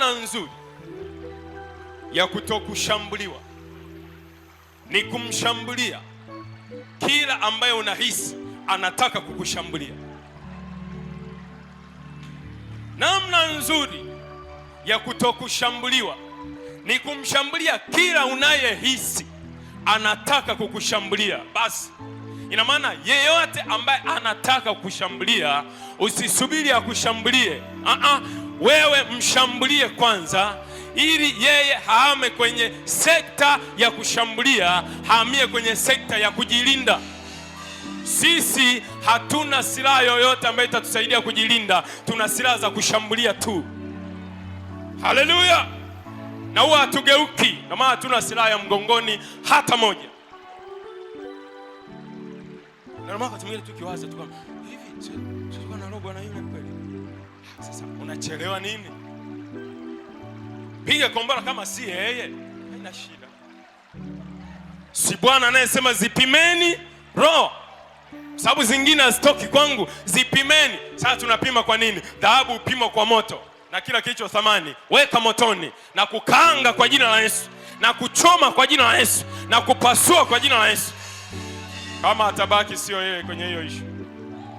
namna nzuri ya kutokushambuliwa ni kumshambulia kila ambaye unahisi anataka kukushambulia. Namna nzuri ya kutokushambuliwa ni kumshambulia kila unayehisi anataka kukushambulia. Basi ina maana yeyote ambaye anataka kukushambulia, usisubiri akushambulie. uh -uh wewe mshambulie kwanza, ili yeye haame kwenye sekta ya kushambulia, haamie kwenye sekta ya kujilinda. Sisi hatuna silaha yoyote ambayo itatusaidia kujilinda, tuna silaha za kushambulia tu. Haleluya! na huwa hatugeuki, na maana hatuna silaha ya mgongoni hata moja. Hivi na robo na yule kweli sasa unachelewa nini? Piga kombora kama si yeye, haina shida. Si Bwana anayesema zipimeni roho, sababu zingine hazitoki kwangu, zipimeni. Sasa tunapima kwa nini? Dhahabu hupimwa kwa moto, na kila kilicho thamani weka motoni, na kukaanga kwa jina la Yesu, na kuchoma kwa jina la Yesu, na kupasua kwa jina la Yesu. Kama atabaki sio yeye kwenye hiyo ishu